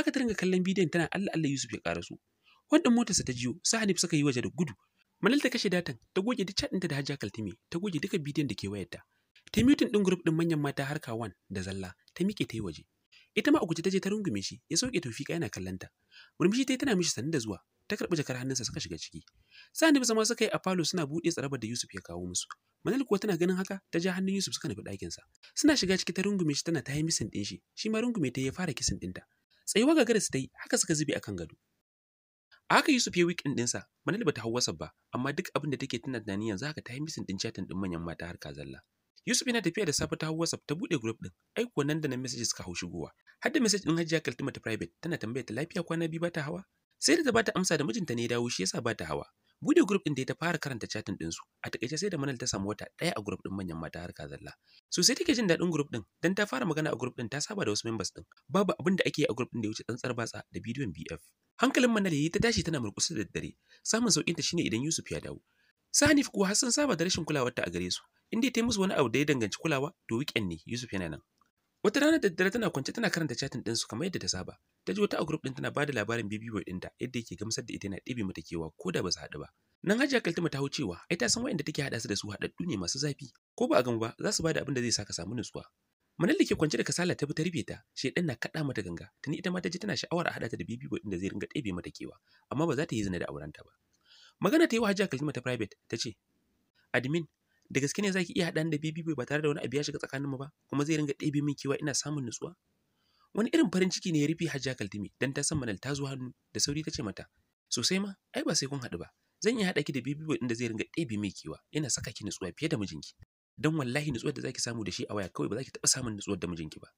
haka ta ringa kallon bidiyon tana Allah Allah Yusuf ya ƙara su. Wannan motarsa ta jiyo, su Hanif suka yi waje da gudu. Manal ta kashe datan, ta goge duk ɗinta da Hajja kaltimi, ta goge duka bidiyon da ke wayarta. Ta mutun ɗin grup ɗin manyan mata har kawan da zalla, ta miƙe ta yi waje. Ita ma a guje ta je ta rungume shi, ya sauke tofiƙa yana kallon ta. Murmushi ta yi tana mishi sanin da zuwa, ta karɓi jakar hannunsa suka shiga ciki. Sa'an zama suka yi a falo suna buɗe tsarabar da Yusuf ya kawo musu. Manal kuwa tana ganin haka ta ja hannun Yusuf suka nufi ɗakinsa. Suna shiga ciki ta rungume shi tana ta yi misin ɗin shi, shi ma rungume ta ya fara kisin ɗinta. Tsayuwa ga garis ta haka suka zube akan gado. A haka Yusuf ya weekend ɗinsa, Manal ba ta hau ba, amma duk abin da take tana tunani yanzu haka ta yi misin ɗin chatin ɗin manyan mata har zalla. Yusuf yana tafiya da safe ta hau WhatsApp ta buɗe group ɗin, ai nan da nan messages suka hau shigowa. Har da message ɗin Hajiya Kaltuma ta private tana tambaya ta lafiya kwana biyu ba ta hawa. Sai da ta bata amsa da mijinta ne ya dawo shi yasa ba ta hawa. bude group din da ta fara karanta chatting din su a takaice sai da Manal ta samu wata daya a group din manyan mata ka zalla so sai take jin daɗin group din dan ta fara magana a group din ta saba da wasu members din babu abin da ake yi a group din da ya wuce tsantsar batsa da bidiyon BF hankalin Manal yayi ta tashi tana murƙusa da daddare samun saukin ta shine idan Yusuf ya dawo Sani kuwa har saba da rashin kulawar ta a gare su inda ta yi musu wani abu da ya danganci kulawa to weekend ne Yusuf yana nan Wata rana da daddare tana kwance tana karanta chatin ɗinsu kamar yadda ta saba. Ta ji wata a group ɗin tana bada labarin bibiyo ɗinta yadda yake gamsar da ita yana ɗebe mata kewa ko da ba su haɗu ba. Nan Hajiya Kaltuma ta hau cewa ai ta san waɗanda take haɗa su da su haɗaɗɗu ne masu zafi ko ba a gamu ba za su bada abin da zai saka samu nutsuwa. Manan da ke kwance da kasala ta bi ta rufe ta, shedan na kaɗa mata ganga, tuni ita ma ta ji tana sha'awar a haɗa ta da bibiyo ɗin da zai ringa ɗebe mata kewa, amma ba za ta yi zina da aurenta ba. Magana ta yi wa Hajiya Kaltuma ta private ta ce, Admin, da gaske ne za ki iya haɗa da bibi ba tare da wani abu ya shiga tsakaninmu ba kuma zai ringa ɗebe min kewa ina samun nutsuwa wani irin farin ciki ne ya rufe hajja kaltumi dan ta san manal ta zo hannu da sauri ta ce mata sosai ma ai ba sai kun haɗu ba zan iya haɗa ki da bibi ɗin zai ringa ɗebe min kewa ina saka ki nutsuwa fiye da mijinki don wallahi nutsuwar da za ki samu da shi a waya kawai ba za ki taɓa samun nutsuwar da mijinki ba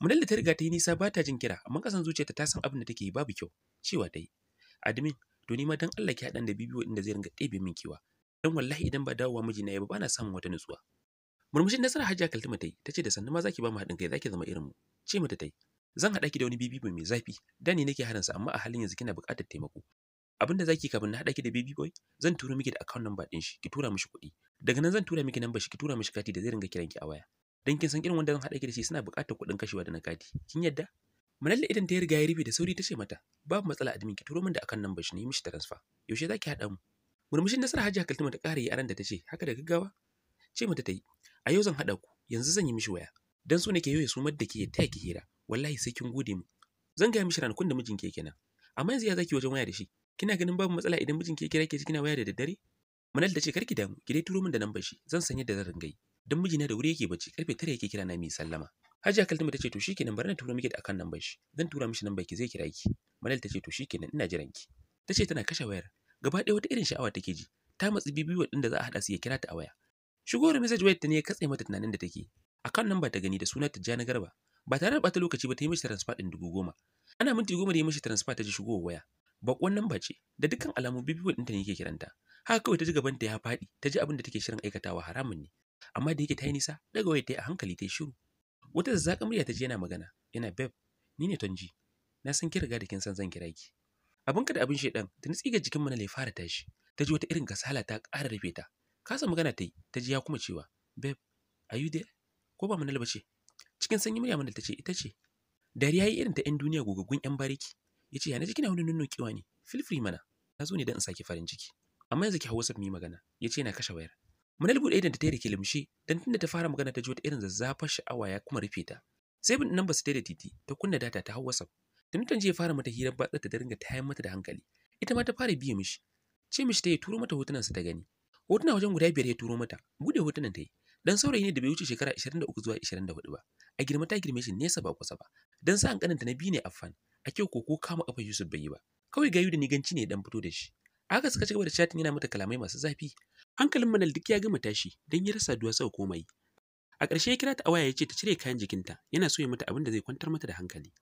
Manal ta riga ta yi nisa ba ta jin kira amma kasan zuciyarta ta san abin da take yi babu kyau cewa ta yi admin to ma dan Allah ki haɗan da bibiyo inda zai ringa ɗebe min kewa dan wallahi idan ba dawowa mijina ya ba bana samun wata nutsuwa murmushin nasara hajiya kaltuma ta tace ce da sannu ma zaki ba mu haɗin kai zaki zama irinmu ce mata ta yi zan haɗa ki da wani bibi mai zafi da ni nake haransa amma a halin yanzu kina buƙatar taimako abin da zaki kafin na hada ki da bibi boy zan tura miki da account number ɗin shi ki tura mishi kuɗi daga nan zan tura miki number shi ki tura mishi kati da zai ringa kiran ki a waya dan kin san irin wanda zan hada ki da shi suna buƙatar kuɗin kashewa da na kati kin yadda Manalla idan ta riga ya rufe da sauri ta ce mata babu matsala admin ki turo min da akan number shi ne mishi transfer yaushe zaki haɗa mu murmushin nasara Hajji kaltuma ta ƙara yi aran da ta ce haka da gaggawa ce mata ta yi a yau zan haɗa ku yanzu zan yi mishi waya dan so nake yau ya sumar da ke ya taya ki hira wallahi sai kin gode mu zan gaya mishi ranakun da mijinki yake nan amma yanzu ya zaki wajen waya da shi kina ganin babu matsala idan mijinki ya kira ke kina waya da daddare Manal ta ce karki damu ki dai turo min da nan shi zan san da zan ringa yi dan mijina da wuri yake bacci karfe tara yake kira na mi sallama Hajji Kaltuma ta ce to shikenan bari na turo miki da akan nan shi zan tura mishi nan ki zai kira ki Manal ta ce to shikenan ina jiran ki ce tana kashe wayar gaba ɗaya wata irin sha'awa take ji ta matsi bibiyo ɗin da za a haɗa su ya kira ta a waya da message wayar ta ne ya katse mata tunanin da take akan nan ba ta gani da sunan jana Garba ba tare da bata lokaci ba ta yi mishi transfer ɗin dubu goma ana minti goma da yi mishi transfer ta ji shigo waya bakon nan ba ce da dukkan alamu bibiyo ɗinta ne yake kiranta haka kawai ta ji gaban ta ya faɗi ta ji abin da take shirin aikatawa haramun ne amma da yake ta yi nisa daga wayar ta yi a hankali ta yi shiru wata zazzaƙa murya ta ji yana magana yana beb ni ne tonji na san ki riga da kin san zan kira ki abinka da abin shaidan nitsi ga jikin mana na fara tashi ta ji wata irin kasala ta ƙara rufe ta kasa magana ta yi ta ji ya kuma cewa babe are you there ko ba manal bace cikin sanyi murya ta ce ita ce dariya yi irin ta yan duniya gogaggun yan bariki yace ya naji kina wani kiwa ne feel free mana na zo ne dan in saki farin ciki amma yanzu ki hawo sab mi magana yace yana kashe wayar manal bude idan ta tare kilimshi dan tunda ta fara magana ta ji wata irin zazzafar sha'awa ya kuma rufe ta sai bin nan ba su da titi ta kunna data ta hawo sab da Newton ya fara mata hirar batsa ta dinga tayan mata da hankali ita ma ta fara biye mishi ce mishi ta yi turo mata hotunansa ta gani hotuna wajen guda biyar ya turo mata bude hotunan ta yi dan saurayi ne da bai wuce shekara 23 zuwa 24 ba a girma ta girme shi nesa ba kusa ba dan sa kananta na biyu ne affan a kyau ko ko kama kafa Yusuf bai yi ba kawai gayu da ni niganci ne dan fito da shi aka suka cigaba da chatting yana mata kalamai masu zafi hankalin Manal duk ya gama tashi dan ya rasa duwa sau komai a ƙarshe ya kira ta a waya ya ce ta cire kayan jikinta yana so ya mata abin da zai kwantar mata da hankali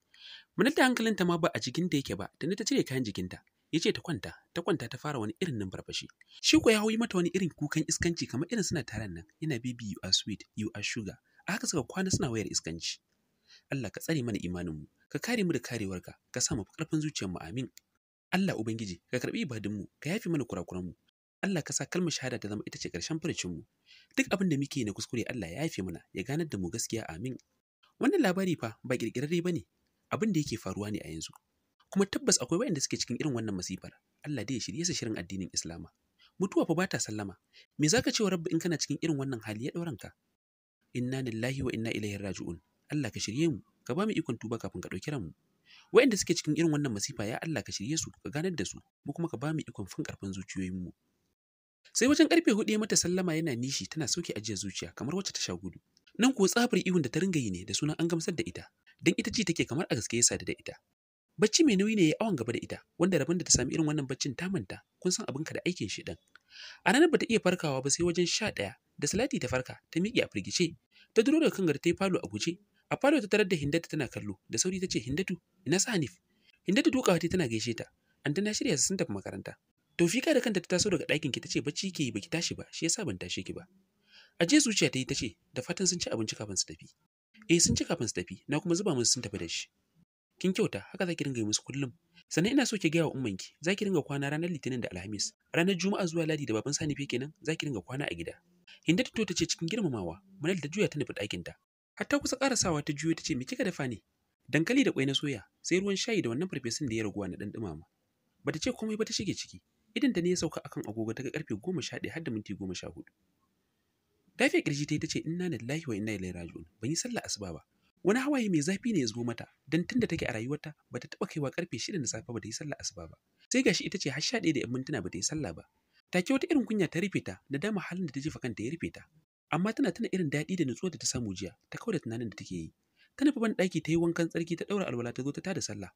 da hankalinta ma ba a jikinta yake ba, da ta cire kayan jikinta. Ya ce ta kwanta, ta kwanta ta fara wani irin numfarfashi. Shi ko ya hauyi mata wani irin kukan iskanci kamar irin suna taron nan, yana bibi you are sweet, you are sugar. A haka suka kwana suna wayar iskanci. Allah ka tsare mana imaninmu, ka kare mu da karewarka, ka sa mu ƙarfin zuciyarmu amin. Allah Ubangiji, ka karɓi ibadunmu, ka yafi mana kurakuranmu. Allah ka sa kalmar shahada ta zama ita ce ƙarshen furucinmu. Duk abin da muke na kuskure Allah ya yafe mana, ya ganar da mu gaskiya amin. Wannan labari fa ba ƙirƙirarre ba ne, abin da yake faruwa ne a yanzu kuma tabbas akwai wayanda suke cikin irin wannan masifar Allah da ya shirye su shirin addinin Islama mutuwa fa bata sallama me zaka ce wa rabbi in kana cikin irin wannan hali ya dauran ka inna lillahi wa inna ilaihi raji'un Allah ka shirye mu ka ba mu ikon tuba kafin ka dauki mu. wayanda suke cikin irin wannan masifa ya Allah ka shirye su ka ganar da su mu kuma ka ba mu ikon fin karfin zuciyoyin mu. sai wajen karfe hudu ya mata sallama yana nishi tana sauke ajiyar zuciya kamar wacce ta sha gudu nan kuwa tsabar ihun da ta ringa yi ne da sunan an gamsar da ita don ita ji take kamar a gaske ya sadu da ita bacci mai nauyi ne ya awon gaba da ita wanda rabon da ta sami irin wannan baccin ta manta kun san abinka da aikin shi dan a ranar bata iya farkawa ba sai wajen sha ɗaya da salati ta farka ta miƙe a firgice ta duro daga kan ta yi falo a guje a falo ta tarar da hindata tana kallo da sauri ta ce hindatu ina sa hanif hindatu dukawa ta tana gaishe ta an tana shirya su sun tafi makaranta fika da kanta ta taso daga ɗakin ki ta ce bacci ke yi baki tashi ba shi yasa ban tashe ki ba je zuciya ta yi ta ce da fatan sun ci abinci kafin su tafi eh sun ci kafin su tafi na kuma zuba musu sun tafi da shi kin kyauta haka za ki dinga yi musu kullum sannan ina so ki gaya wa ummanki za ki dinga kwana ranar litinin da alhamis ranar juma'a zuwa ladi da baban Sani sanifi kenan za ki dinga kwana a gida hinda ta ta ce cikin girmamawa munal da juya ta nufi ɗakinta hatta kusa karasawa ta juyo ta ce me kika dafa ne dankali da ƙwai na soya sai ruwan shayi da wannan farfesun da ya raguwa na ɗan bata ce komai ba ta shige ciki idan ta ne ya sauka akan agogo ta ga karfe goma sha ɗaya har da minti goma sha hudu Lafiya ƙirji ta ce inna lillahi wa inna ilaihi raji'un. Ban yi sallah asuba ba. Wani hawaye mai zafi ne ya zo mata dan tunda take a rayuwarta bata taba kaiwa karfe 6 na safe ta yi sallah asuba ba. Sai gashi ita ce har 11 da 'yan mintuna ba ta yi sallah ba. Ta ke wata irin kunya ta rufe ta da dama halin da ta jefa kanta ya rufe ta. Amma tana tana irin daɗi da nutsuwa da ta samu jiya ta da tunanin da take yi. Ta nufi ban ɗaki ta yi wankan tsarki ta ɗaura alwala ta zo ta tada sallah.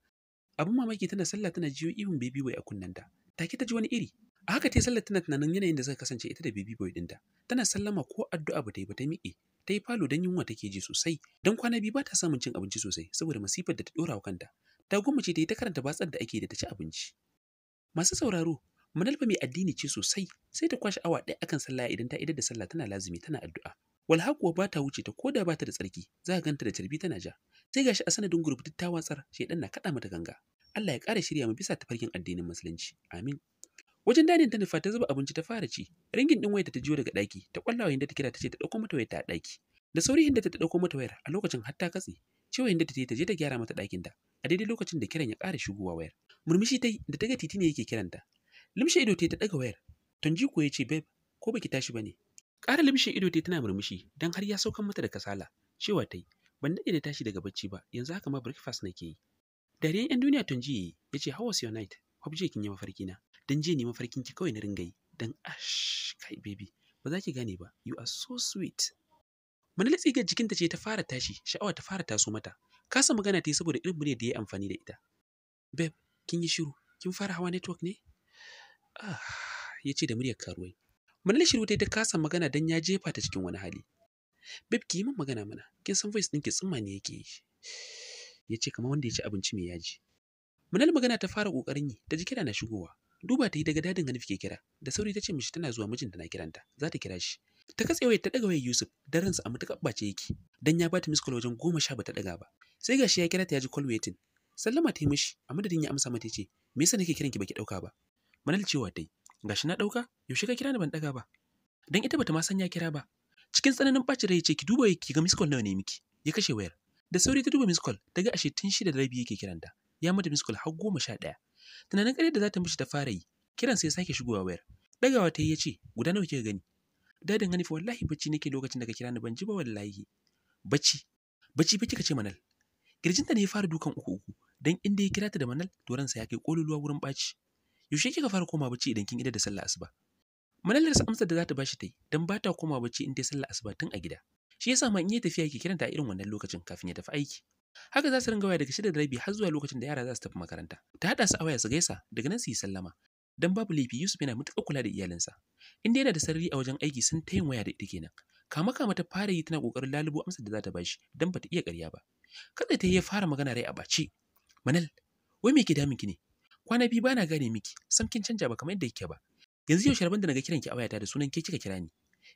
Abin mamaki tana sallah tana jiyo ihun bebi wai a kunnanta. Take ta ji wani iri A haka ta sallar tana tunanin yanayin da zai kasance ita da baby boy ɗinta tana sallama ko addu'a ba ta yi ba ta miƙe ta yi falo don yunwa take ji sosai don kwana biyu ba ta samun cin abinci sosai saboda masifar da ta ɗora wa kanta ta ce ta yi ta karanta batsar da ake da ta ci abinci masu sauraro manalba mai addini ce sosai sai ta kwashe awa ɗaya akan sallah idan ta idar da sallah tana lazumi tana addu'a walha kuwa ba ta wuce ta ko da ba ta da tsarki za ka ganta da carbi tana ja sai gashi a sanadin gurbi ta watsar shaidan na kaɗa mata ganga Allah ya ƙara shirya mu bisa tafarkin addinin musulunci amin Wajen dadin ta nufa ta zuba abinci ta fara ci, ringin ɗin wayarta ta jiyo daga ɗaki, ta da ta kira ta ce ta ɗauko mata wayarta a daki Da sauri inda ta ɗauko mata wayar a lokacin har ta katse, cewa inda ta ta je ta gyara mata dakin ɗakinta a daidai lokacin da kiran ya ƙara shigowa wayar. Murmushi ta yi da ta ga titi ne yake kiranta. Limshe ido ta ta ɗaga wayar. Tonji ko ya ce babe ko baki tashi ba ne. Ƙara limshe ido ta tana murmushi don har ya saukan mata da kasala. Cewa ta yi ban daɗe da tashi daga bacci ba yanzu haka ma breakfast nake yi. Dariyan 'yan duniya Tonji ya ce how was your night? Hope kin yi mafarki na. Don jiya ne farkin ki kawai na ringa yi dan ash kai baby ba za ki gane ba you are so sweet manala tsigar jikinta ce ta fara tashi sha'awa ta fara taso mata kasa magana ta yi saboda irin murya da ya amfani da ita beb kin yi shiru kin fara hawa network ne ah ya ce da muryar karuwai manala shiru ta ta kasa magana don ya jefa ta cikin wani hali beb ki yi min magana mana kin san voice ɗinki tsimma ne yake yi ya ce kamar wanda ya ci abinci mai yaji manal magana ta fara ƙoƙarin yi ta ji kira na shigowa duba ta yi daga dadin Hanif ke kira da sauri ta ce mishi tana zuwa mijinta na kiranta za ta kira shi ta katse wayar ta daga wayar Yusuf da ransa a mutuka bace yake dan ya bata miss wajen goma sha bata daga ba sai gashi ya kira ta ya ji call waiting sallama ta yi mishi a madadin ya amsa mata ce me yasa nake kiran ki baki dauka ba manal cewa dai gashi na dauka yaushe ka kira ni ban daga ba dan ita bata ma san ya kira ba cikin tsananin bacin rai ce ki duba ki ga miss nawa ne miki ya kashe wayar da sauri ta duba miss daga ashe tun shida da rabi yake kiranta ya mata miss har goma sha ɗaya Tunanin ƙarya da za ta mishi ta fara yi, kiran sai sake shigowa wayar. Ɗagawa ta yi ya ce, guda nawa kika gani? Dadin Hanifa wallahi bacci nake lokacin da ka kira ni ban ji ba wallahi. Bacci, bacci fa kika ce manal. Kirjinta ne ya fara dukan uku uku, dan inda ya kira ta da manal, to ransa ya kai ƙololuwa wurin ɓaci. Yaushe kika fara koma bacci idan kin ida da sallah asuba? sa amsar da za ta bashi ta yi, dan ba ta koma bacci in ya sallah asuba tun a gida. Shi yasa ma in yi tafiya ke kiranta a irin wannan lokacin kafin ya tafi aiki. Haka za su ringa waya daga shida da rabi har zuwa lokacin da yara za su tafi makaranta. Ta haɗa su a waya su gaisa daga nan su yi sallama. Dan babu laifi Yusuf yana matuƙar kula da iyalinsa. In dai yana da sarari a wajen aiki sun ta yin waya da ita kenan. Kama kama ta fara yi tana ƙoƙarin lalubo amsa da za ta bashi dan bata iya ƙarya ba. Kada ta ya fara magana rai a ɓace. Manal, wai me ke damin ki ne? Kwana biyu bana gane miki, sam kin canja ba kamar yadda kike ba. Yanzu yau sharban da naga kiran ki a wayata da sunan ke kika kira ni.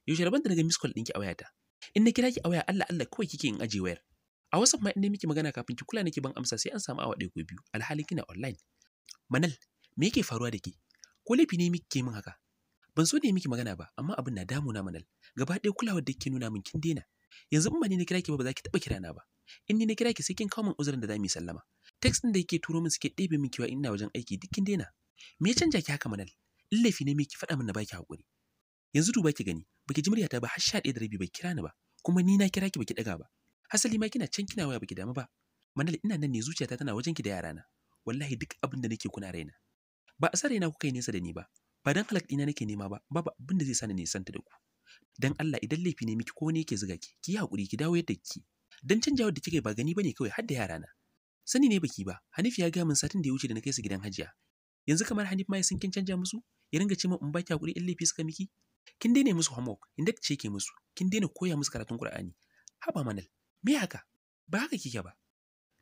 Yau sharban da naga miss call ɗinki a wayata. In na kira ki a waya Allah Allah kawai kike in aje wayar. a WhatsApp ma inda miki magana kafin ki kula nake ban amsa sai an samu awa ɗaya ko biyu alhali kina online manal me yake faruwa da ke ko laifi ne miki min haka ban so ne miki magana ba amma abin na damu na manal gaba ɗaya kulawar da kike nuna min kin daina yanzu in ba ni na kira ki ba ba za ki taɓa kira na ba in ni na kira ki sai kin kawo min uzurin da za mu yi sallama text ɗin da yake turo min suke ɗebe min kiwa ina wajen aiki duk kin daina me ya canja ki haka manal in laifi ne miki faɗa min na baki haƙuri yanzu duba ki gani baki ji muryata ba har sha ɗaya da rabi bai kira ni ba kuma ni na kira ki baki ɗaga ba hasali ma kina can kina waya baki damu ba manal ina nan ne zuciyata tana wajen ki da yarana wallahi duk abin da nake kuna raina ba a sare na kuka yi nesa da ni ba ba dan halak dina nake nema ba babu abin da zai sani ne santa da ku dan Allah idan laifi ne miki ko ne yake zuga ki ki hakuri ki dawo yadda ki. dan canjawar da kike ba gani bane kawai har da yarana sani ne baki ba Hanifi ya ga min satin da ya wuce da na kai su gidan Hajiya yanzu kamar Hanif ma ya sun kin canja musu ya ringa ce in baki hakuri in laifi suka miki kin daina musu homework inda ce ke musu kin daina koya musu karatun Qur'ani haba manal me haka ba haka kike ba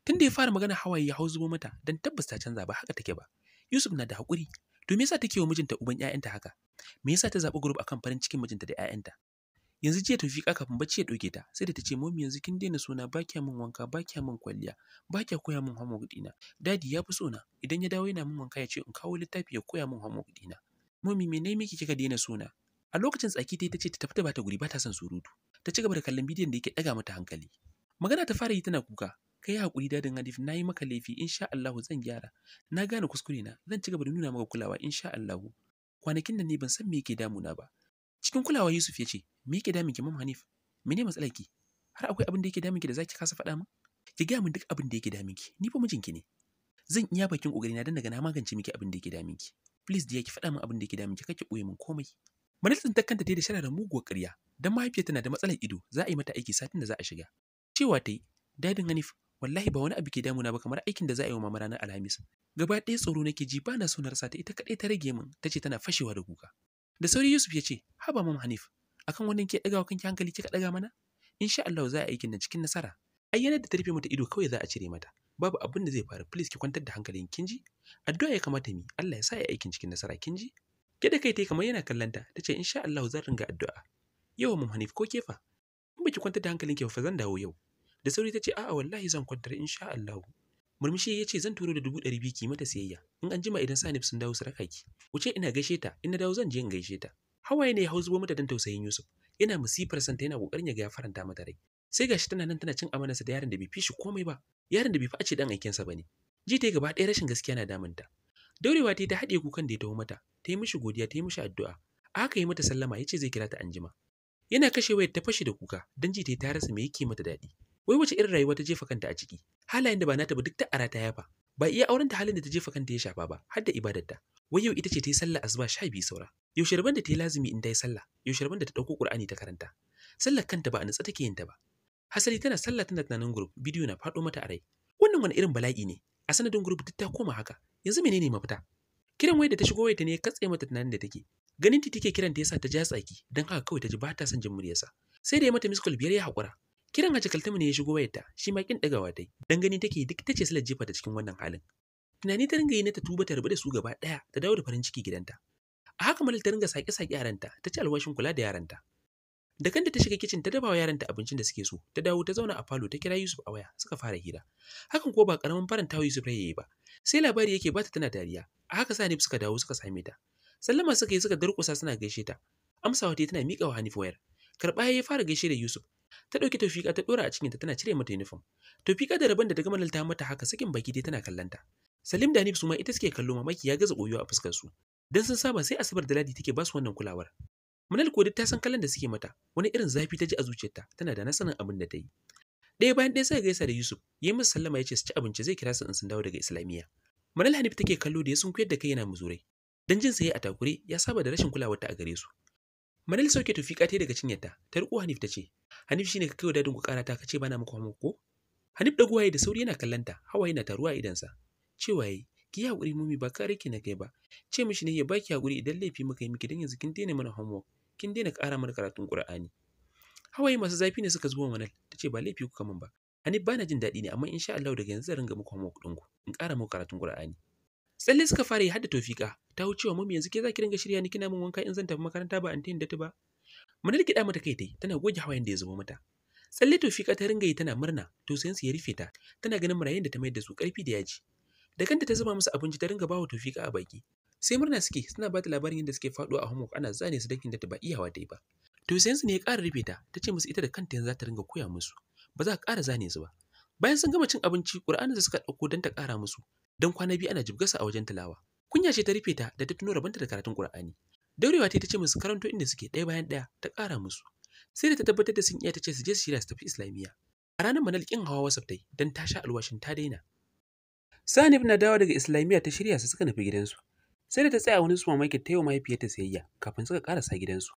tun da ya fara magana hawaye ya hau zubo mata don tabbas ta canza ba haka take ba Yusuf na da haƙuri to me yasa take wa mijinta uban 'ya'yanta haka me yasa ta zaɓi group akan farin cikin mijinta da ƴaƴanta yanzu jiya ka kafin bacci ya ɗauke ta sai da ta ce momi yanzu kin daina sona ba kya min wanka ba kya min kwalliya ba kya koya min homework ɗina dadi ya fi sona idan ya dawo yana min wanka ya ce in kawo littafi ya koya min homework ɗina momi me ne miki kika daina sona a lokacin tsaki ta ce ta tafi ta bata guri ba ta son surutu ta ci gaba da kallon bidiyon da yake ɗaga mata hankali Magana ta fara yi tana kuka. Kai hakuri dadin Hadif na yi maka laifi insha Allah zan gyara. Na gane kuskure na zan ci gaba da nuna maka kulawa insha Allah Kwanakin nan ne ban san me yake na ba. Cikin kulawa Yusuf ya ce, "Me yake damun ki Mam Hanif? Mene matsalar ki? Har akwai abin da yake damun ki da zaki kasa faɗa min?" Ki gaya min duk abin da yake damun ki. Ni fa mijinki ne. Zan iya bakin kokari na dan daga na magance miki abin da yake damun ki. Please dia ki faɗa min abin da yake damun ki kake koyi min komai. Manalin ta kanta da shara da muguwar ƙarya. Dan mahaifiyar tana da matsalar ido, za a yi mata aiki satin da za a shiga. cewa ta yi dadin hanif wallahi ba wani abu ke damuna ba kamar aikin da za a yi wa mama ranar alhamis gaba ɗaya tsoro nake ji ba na so na rasa ta ita kaɗai ta rage min ta ce tana fashewa da kuka da sauri yusuf ya ce haba mama hanif akan wannan ke wa kanki hankali kika ɗaga mana insha Allah za a aikin nan cikin nasara Ayyana da ta rufe mata ido kawai za a cire mata babu abin da zai faru please ki kwantar da hankalin kinji addu'a ya kamata mi Allah ya sa ya aikin cikin nasara kinji da kai tai kamar yana kallanta ta ce insha Allah zan ringa addu'a yau mama hanif ko kefa in baki kwantar da hankalin ki fa zan dawo yau da sauri ta ce a'a wallahi zan kwantar insha Allah murmushi ya ce zan turo da dubu ɗari biyu ki mata siyayya in an jima idan sanif sun dawo su raka ki wuce ina gaishe ta in na dawo zan je in gaishe ta hawaye ne ya hau zubo mata dan tausayin Yusuf yana musifar santa yana kokarin ya ga ya faranta mata rai sai gashi tana nan tana cin amanarsa da yaron da bai fi shi komai ba yaron da bai fi a ce dan aikensa bane ji ta gaba ɗaya rashin gaskiya na damunta daurewa ta yi ta haɗe kukan da ya taho mata ta yi mishi godiya ta yi mishi addu'a aka yi mata sallama ya ce zai kira ta anjima yana kashe wayar ta fashe da kuka don ji ta ta rasa me yake mata daɗi wai wace irin rayuwa ta jefa kanta a ciki halayen da ba nata ba duk ta ara ta yafa ba iya auren ta halin da ta jefa kanta ya shafa ba har da ibadarta wai yau ita ce ta yi sallah asuba sha biyu saura yau sharban da ta yi lazumi in ta yi sallah yau sharban da ta ɗauko ƙur'ani ta karanta sallar kanta ba a natsa take yin ta ba hasali tana sallah tana tunanin group bidiyo na faɗo mata a rai wannan wani irin bala'i ne a sanadin group duk ta koma haka yanzu menene mafita kiran wayar da ta shigo wayarta ne ya katse mata tunanin da take ganin ta take kiran ta yasa ta ja tsaki don haka kawai ta ji ba ta son jin muryarsa sai da ya mata miss biyar ya haƙura Kiran a Kaltama ne ya shigo wayarta, shi ma kin daga dai, dan gani take duk tace salar jefa ta cikin wannan halin. Tunani ta ringa yi na ta tuba ta rubu da su gaba ɗaya ta dawo da farin ciki gidanta. A haka Malal ta ringa saki saki yaranta, ta ci alwashin kula da yaranta. Da kanta ta shiga kicin ta dabawa yaranta abincin da suke so, ta dawo ta zauna a falo ta kira Yusuf a waya, suka fara hira. Hakan ko ba karamin farantawa Yusuf rai yayi ba. Sai labari yake bata tana dariya. A haka Sanif suka dawo suka same ta. Sallama suka yi suka durƙusa suna gaishe ta. Amsa wata tana miƙa wa Hanif wayar. karɓa ya fara gaishe da Yusuf. Ta ɗauki tofiƙa ta ɗora a cikinta tana cire mata uniform. Tofiƙa da rabon da ta gama lalta mata haka sakin baki dai tana ta Salim da Hanif su ma ita suke kallo mamaki ya gaza koyo a fuskar su. Dan sun saba sai Asabar da Ladi take basu su wannan kulawar. Manal ko ta san kallon da suke mata, wani irin zafi ta ji a zuciyarta, tana da nasanin abin da ta yi. Ɗaya bayan ɗaya sai gaisa da Yusuf, ya musu sallama ya ce su ci abinci zai kira su in sun dawo daga Islamiyya. Manal Hanif take kallo da ya sun da kai yana muzurai. Dan jin sai a takure ya saba da rashin kulawar ta a gare su. Manal sauke tufi kate daga cinyarta, ta riko Hanif ta ce, Hanif shine ka kaiwa dadin ku karata ka ce bana muku hamu ko? Hanif da guwaye da sauri yana kallanta, hawaye yana taruwa idansa. Cewa yi ki mu mumi ba ka ki na kai ba. Ce mishi ne ya baki haƙuri, idan laifi muka yi miki don yanzu kin daina mana homework, kin daina ƙara mana karatun Ƙur'ani. Hawaye masu zafi ne suka zuwa Manal, ta ce ba laifi kuka min ba. Hanif bana jin daɗi ne amma insha Allah daga yanzu zan ringa muku homework ɗinku, in ƙara muku karatun Ƙur'ani. tsalle suka fara yi hadda tofika ta cewa mami yanzu ke za ki dinga shirya ni kina min wanka in zan tafi makaranta ba antin da ba mun rikida mata kai dai tana goge hawayen da ya zubo mata tsalle tofika ta ringa yi tana murna to ya rufe ta tana ganin marayen da ta mayar da su karfi da yaji da kanta ta zuba musu abinci ta ringa bawa tofika a baki sai murna suke suna ba ta labarin yadda suke faduwa a homework ana zane su dakin da ta ba iyawa dai ba to sayansu ne ya ƙara rufe ta ta ce musu ita da kanta yanzu za ta ringa koya musu ba za ka kara zane su ba Bayan sun gama cin abinci, Ƙur'anin da suka ɗauko don ta ƙara musu, don kwana biyu ana jibgasa a wajen Talawa, Kunya ce ta rufe ta da ta tuno rabanta da karatun Ƙur'ani. Daurewa ta ce musu karanto inda suke ɗaya bayan ɗaya ta ƙara musu. Sai da ta tabbatar da sun iya ta ce su je su shirya su tafi Islamiyya. A ranar Manal ƙin hawa ta yi, don ta sha alwashin ta daina. Sanib na dawo daga Islamiyya ta shirya su suka nufi gidansu. Sai da ta tsaya wani supermarket ta yi wa mahaifiyarta sayayya kafin suka ƙarasa gidansu.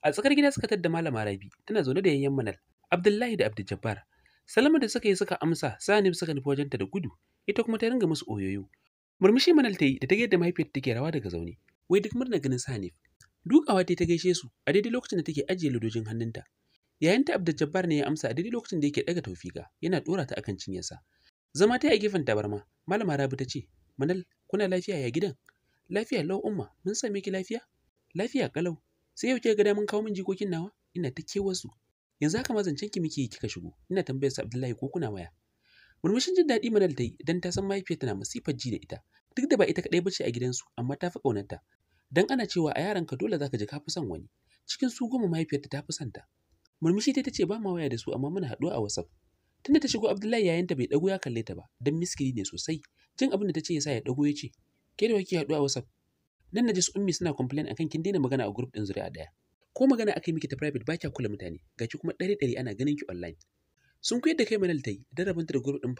A tsakar gida suka tadda Malama Rabi tana zaune da yayyen Manal, Abdullahi da Abdul Salama da suka yi suka amsa, Sani suka nufi wajenta da gudu, ita kuma ta ringa musu oyoyo. Murmushi Manal ta yi da ta ga yadda mahaifiyar take rawa daga zaune, wai duk murna ganin Sani? Dukawa ta ta gaishe su a daidai lokacin da take ajiye ludojin hannunta. Yayin ta Abdul Jabbar ne ya amsa a daidai lokacin da yake daga Taufika, yana dora ta akan cinyarsa. Zama ta yi a gefen tabarma, Malama Rabi ta ce, "Manal, kuna lafiya ya gidan?" "Lafiya lau umma, mun same ki lafiya?" "Lafiya kalau." "Sai yau kika ga damun kawo min jikokin nawa?" Ina ta wasu yanzu haka ma zancen ki muke kika shigo ina tambayar sa Abdullahi ko kuna waya murmushin jin daɗi Manal ta yi dan ta san mahaifiyarta na masifar ji da ita duk da ba ita kadai bace a gidansu amma ta fi ƙaunarta dan ana cewa a yaranka dole zaka ji ka fi son wani cikin su goma mahaifiyarta ta fi son ta murmushi ta ce ba ma waya da su amma muna haɗuwa a WhatsApp tunda ta shigo Abdullahi yayanta bai dago ya kalle ta ba dan miskili ne sosai jin abin da ta yasa ya dago ya ce ke da wake haɗuwa a WhatsApp nan naji su ummi suna complain akan kin daina magana a group din zuri'a daya ko magana akai miki ta private ba kya kula mutane gashi kuma ɗari ɗari ana ganin ki online sun kuyar da kai manal ta yi don rabanta da group ɗin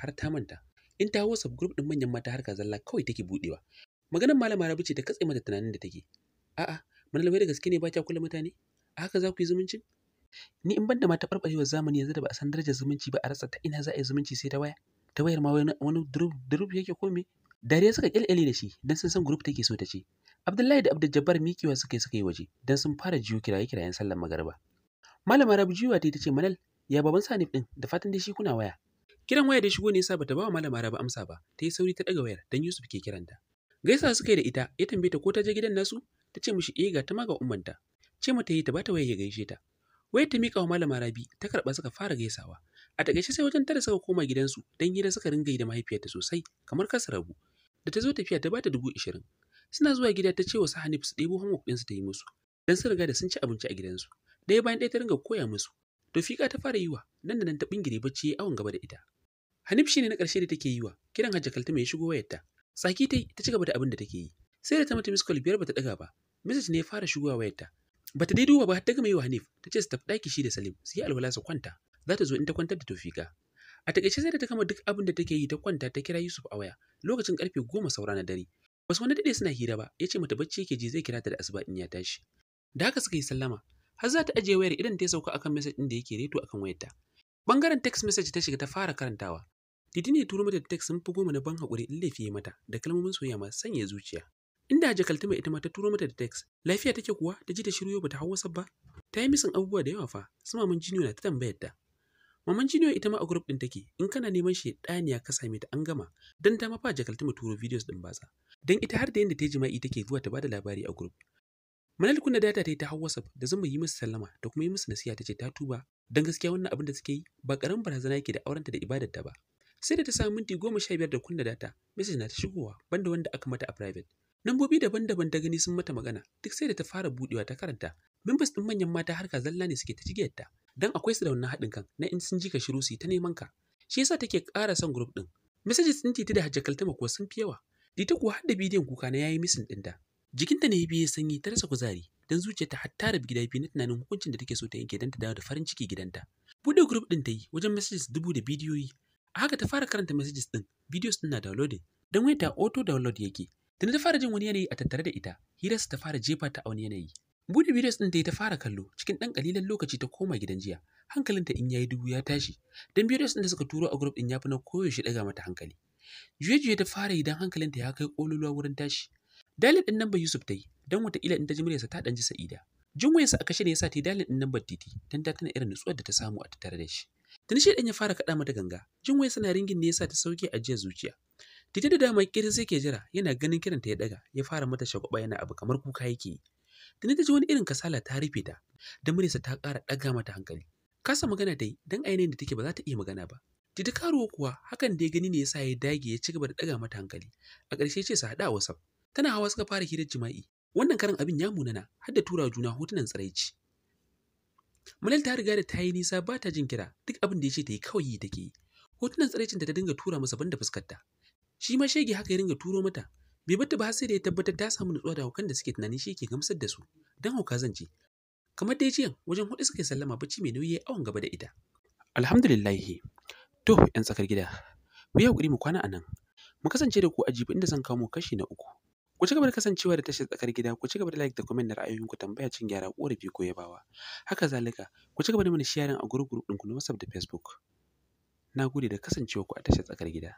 har ta manta in ta WhatsApp group din manyan mata harka zalla kawai take buɗewa maganar malama rabu ce ta katse mata tunanin da take a'a manal wai da gaske ne ba kya kula mutane a haka za ku yi zumuncin ni in banda mata taɓarɓarewar zamani yanzu da ba a san darajar zumunci ba a rasa ta ina za a yi zumunci sai ta waya ta wayar ma wani durub durub yake ko me dare suka kyalkyale da shi don sun san group take so ta ce abdullahi da abdul jabbar mikiwa suka yi yi waje don sun fara jiyo kiraye kirayen sallar magariba malama rabu jiwa ta ce manal ya baban sanif din da fatan dai shi kuna waya kiran waya da shigo ne yasa bata ba wa malama rabu amsa ba ta yi sauri ta daga wayar don yusuf ke kiranta gaisa suka yi da ita ya tambaye ta ko ta je gidan nasu ta ce mishi eh ga ta ma ga ummanta ce mata yi ta bata waya ya gaishe ta waya ta mika wa malama rabi ta karba suka fara gaisawa a takaice sai wajen tara suka koma gidansu don hira suka ringa yi da mahaifiyarta sosai kamar kasa rabu da ta zo tafiya ta bata dubu ishirin suna zuwa gida ta ce wasu hanif su ɗebo homework ɗinsu ta yi musu don sun riga da sun ci abinci a gidansu ɗaya bayan ɗaya ta ringa koya musu to fika ta fara yiwa nan da nan ta bingire bacci ya awon gaba da ita hanif ne na ƙarshe da take yiwa kiran hajja kalta mai shigo wayarta tsaki ta ta ci gaba da abin da take yi sai da ta mata miskol biyar bata ɗaga ba message ne ya fara shigowa wayarta bata dai duba ba har ta gama yiwa hanif ta ce su tafi ɗaki shi da salim su yi alwala su kwanta za ta zo in ta kwantar da tofika A takaice sai da ta kama duk abin da take yi ta kwanta ta kira Yusuf a waya lokacin karfe goma saura na dare. Wasu wani dade suna hira ba, ya ce mata bacci yake ji zai kira ta da asuba in ya tashi. Da haka suka yi sallama, har za ta ajiye wayar idan ta sauka akan message ɗin da yake reto akan wayarta. Bangaren text message ta shiga ta fara karantawa. Didi ne turo mata text sun fi goma na ban haƙuri in laifi mata da kalmomin soyayya masu sanya zuciya. Inda Kaltuma ita ma ta turo mata da text, lafiya take kuwa ta ji da shiryo bata hau wasab ba. Ta yi misin abubuwa da yawa fa, sama mun jiniyo na ta tambayar ta. Maman Jiniyo ita ma a group din take, in kana neman shi ɗaniya ka same ta an gama, dan ta ma fa jakalta mu turo videos ɗin baza. Dan ita har da yanda ta jima'i take zuwa ta bada labari a group. Manal kunna data ta yi ta hau WhatsApp da zan yi musu sallama da kuma yi musu nasiha ta ce ta tuba dan gaskiya wannan abin da suke yi ba karamin barazana yake da aurenta da ibadarta ba. Sai da ta samu minti goma sha biyar da kunna data, message na ta shigowa banda wanda aka mata a private. Nambobi daban-daban ta gani sun mata magana, duk sai da ta fara budewa ta karanta. Members ɗin manyan mata harka zalla ne suke ta dan akwai su da wannan haɗin kan na in sun ji ka shiru su ta neman ka shi yasa take ƙara son group din. messages ɗin titi da hajja kaltama kuwa sun fi yawa dita kuwa har da bidiyon kuka na yayi misin da jikinta ne biye sanyi ta rasa kuzari dan zuciyarta har ta rabu gida biyu na tunanin hukuncin da take so ta yanke dan ta dawo da farin ciki gidanta buɗe group din ta yi wajen messages dubu da bidiyoyi a haka ta fara karanta messages din videos din na downloading dan wayar ta auto download yake Da ta fara jin wani yanayi a tattare da ita hirarsa ta fara jefa ta a wani yanayi Bude videos ɗin da ta fara kallo cikin ɗan ƙalilan lokaci ta koma gidan jiya. Hankalinta in ya yi dubu ya tashi. don videos ɗin da suka turo a group ɗin ya fi na koyaushe ɗaga mata hankali. Juye-juye ta fara yi idan hankalinta ya kai ƙololuwa wurin tashi. Dalil ɗin nan Yusuf ta yi, don ila ɗin ta ji muryarsa ta ɗan ji sa'ida. Jin wayarsa a kashe ne ya sa ta yi dalil ɗin lambar titi, don ta tana irin nutsuwar da ta samu a tattare da shi. Tun shi ya fara kaɗa mata ganga, jin wayarsa na ringin ne ya sa ta sauke jiya zuciya. Titi da dama kirin sai ke jira, yana ganin kiranta ya ɗaga, ya fara mata shagwaba yana abu kamar kuka yake yi. da ta ji wani irin kasala ta rufe ta da muryarsa ta ƙara ɗaga mata hankali kasa magana dai dan ainihin da take ba za ta iya magana ba Titi karuwa kuwa hakan da ya gani ne yasa ya dage ya cigaba da ɗaga mata hankali. A ƙarshe ce sa haɗa a WhatsApp. Tana hawa suka fara hirar jima'i. Wannan karan abin ya munana har da tura juna hotunan tsiraici. Mulal ta riga da ta yi nisa ba ta jin kira duk abin da ya ce ta yi kawai take yi. Hotunan tsiraicin da ta dinga tura masa banda fuskarta. Shi ma shege haka ya dinga turo mata bai bata ba sai da ya tabbatar ta samu nutsuwa da hukan da suke tunanin shi ke gamsar da su don hauka zan ce kamar dai jiyan wajen hudu suka sallama bacci mai nauyi awon gaba da ita alhamdulillahi to yan tsakar gida ku yi hakuri mu kwana a nan mu kasance da ku a jibi inda zan kawo mu kashi na uku ku ci gaba da kasancewa da tashar tsakar gida ku ci gaba da like da comment da ra'ayoyinku tambaya cin gyara korafi ko yabawa haka zalika ku ci gaba da mana sharing a group group ɗinku na WhatsApp da Facebook na gode da kasancewa ku a tashar tsakar gida